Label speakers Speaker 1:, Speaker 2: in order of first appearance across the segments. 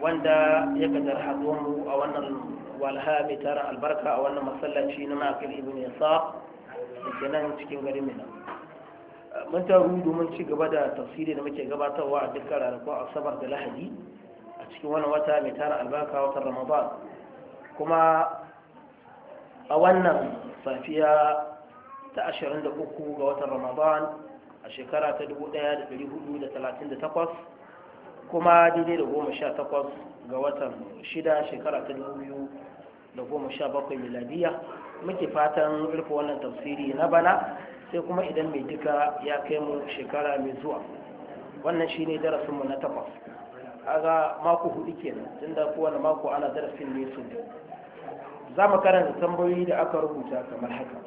Speaker 1: wanda ya kadar haduwanmu a wannan walha mai tara albarka a wannan masallaci na makil ibn yasa da ke nan cikin garin mina mun taru domin ci gaba da tafsiri da muke gabatarwa a dukkan ranakun asabar da lahadi a cikin wannan wata mai tara albarka watan ramadan kuma a wannan safiya ta 23 ga watan ramadan a shekara ta 1438 kuma daidai da goma sha takwas ga watan shida shekara ta dubu biyu da goma sha bakwai miladiya muke fatan rufe wannan tafsiri na bana sai kuma idan mai duka ya kai mu shekara mai zuwa wannan shi shine darasinmu na takwas aga mako hudu kenan da kowane mako ana darasin ne su za mu karanta tambayoyi da aka rubuta kamar haka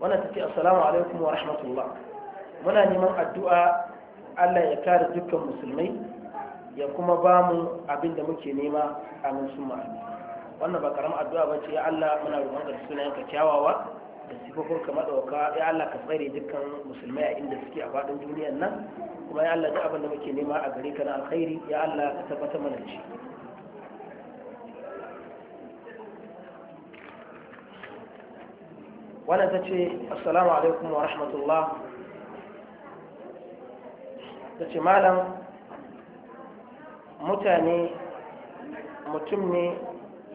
Speaker 1: wannan ta ce assalamu alaikum wa rahmatullah muna neman addu'a Allah ya kare dukkan musulmai ya kuma ba mu abin da muke nema a min wannan ba karamar addu'a ba ce ya Allah muna roƙon ka sunayen ka kyawawa da sifofin ka madauka ya Allah ka tsare dukkan musulmai a inda suke a faɗin duniyar nan kuma ya Allah duk abin da muke nema a gare ka na alkhairi ya Allah ka tabbata mana ci wannan ta ce assalamu alaikum wa rahmatullah ta ce malam mutane mutum ne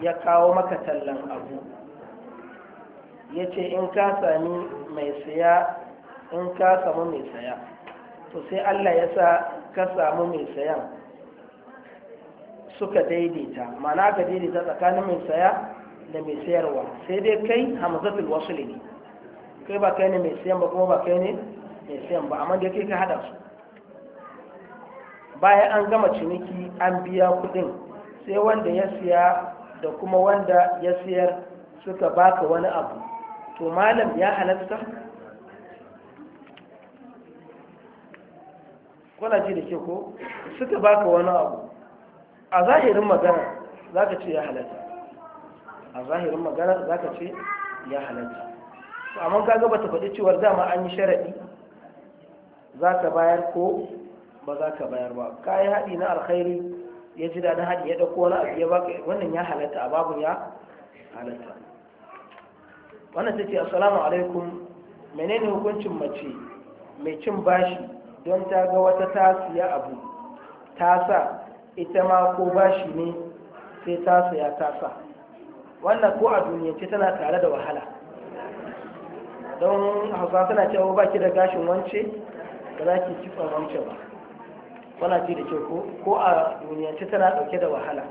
Speaker 1: ya kawo maka tallan abu ya ce in ka sami mai saya in ka samu mai saya to sai allah ya sa ka samu mai sayan suka daidaita mana ka daidaita tsakanin mai saya da mai sayarwa sai dai kai hamzatul wasu ne kai ba kai ne mai sayan ba kuma ba kai ne mai sayan ba amma da kai ka hada su bayan an gama ciniki an biya kudin sai wanda ya siya da kuma wanda ya siyar suka baka wani abu to malam ya halatta kuna ji da ke ko suka baka wani abu a zahirin magana za ka ce ya halatta a zahirin magana za ka ce ya halatta amma ka gaba ta faɗi cewar dama an yi sharaɗi za ka bayar ko ba za ka bayar ba ka yi haɗi na alkhairi ya ji da haɗi ya ɗauko wani abu ya baka wannan ya halatta a babu ya halatta wannan ta ce assalamu alaikum menene hukuncin mace mai cin bashi don ta ga wata ta siya abu ta sa ita ma ko bashi ne sai ta siya ta sa wannan ko a duniyance tana tare da wahala don hausa tana cewa ba ki da gashin wance ba za ki kitson wance ba wana ce da ke ko a duniyance tana dauke da wahala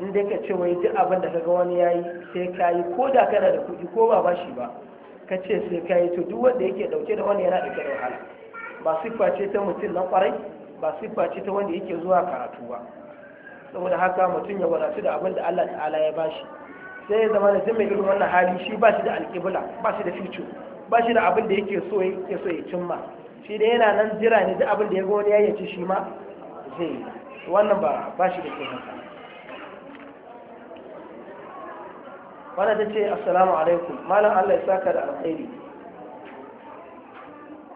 Speaker 1: in ka ce wai duk abin da ka ga wani yayi yi sai ka yi ko da kana da kuɗi ko ba ba shi ba ka ce sai ka yi to duk wanda yake dauke da wani yana dauke da wahala ba siffa ce ta mutum na kwarai ba siffa ce ta wanda yake zuwa karatu ba saboda haka mutum ya wadatu da abin da Allah ta'ala ya bashi sai ya zama da duk mai irin wannan hali shi ba shi da alƙibla ba shi da fito, ba shi da abin da yake so ya cimma shi da yana nan jira ne duk abin da ya ga wani ya ci shi ma zai wannan ba ba shi da kyau wadda ta ce assalamu alaikum malam Allah ya saka da alkhairi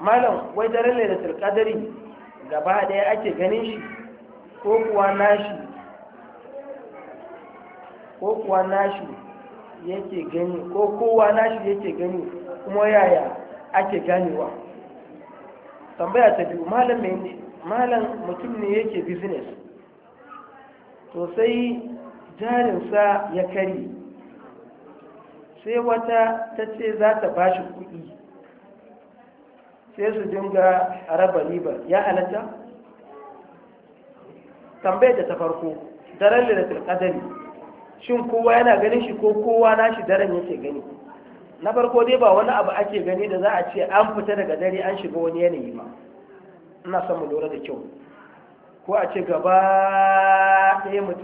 Speaker 1: malam wai daren da qadari gaba daya ake ganin shi ko kuwa nashi ko kuwa nashi yake gani ko kowa nashi yake gani kuma yaya ake ganewa tambaya ta biyu malam mai malam mutum ne yake business to sai jarinsa ya kari sai wata ta ce za ta ba shi kuɗi sai su dinga raba ribar ya halatta tambaya da ta farko daren lalatar ƙadari shin kowa yana ganin shi ko kowa nashi shi daren yake gani na farko dai ba wani abu ake gani da za a ce an fita daga dare an shiga wani yanayi ma ina son mu lura da kyau ko a ce gaba ɗaya mutum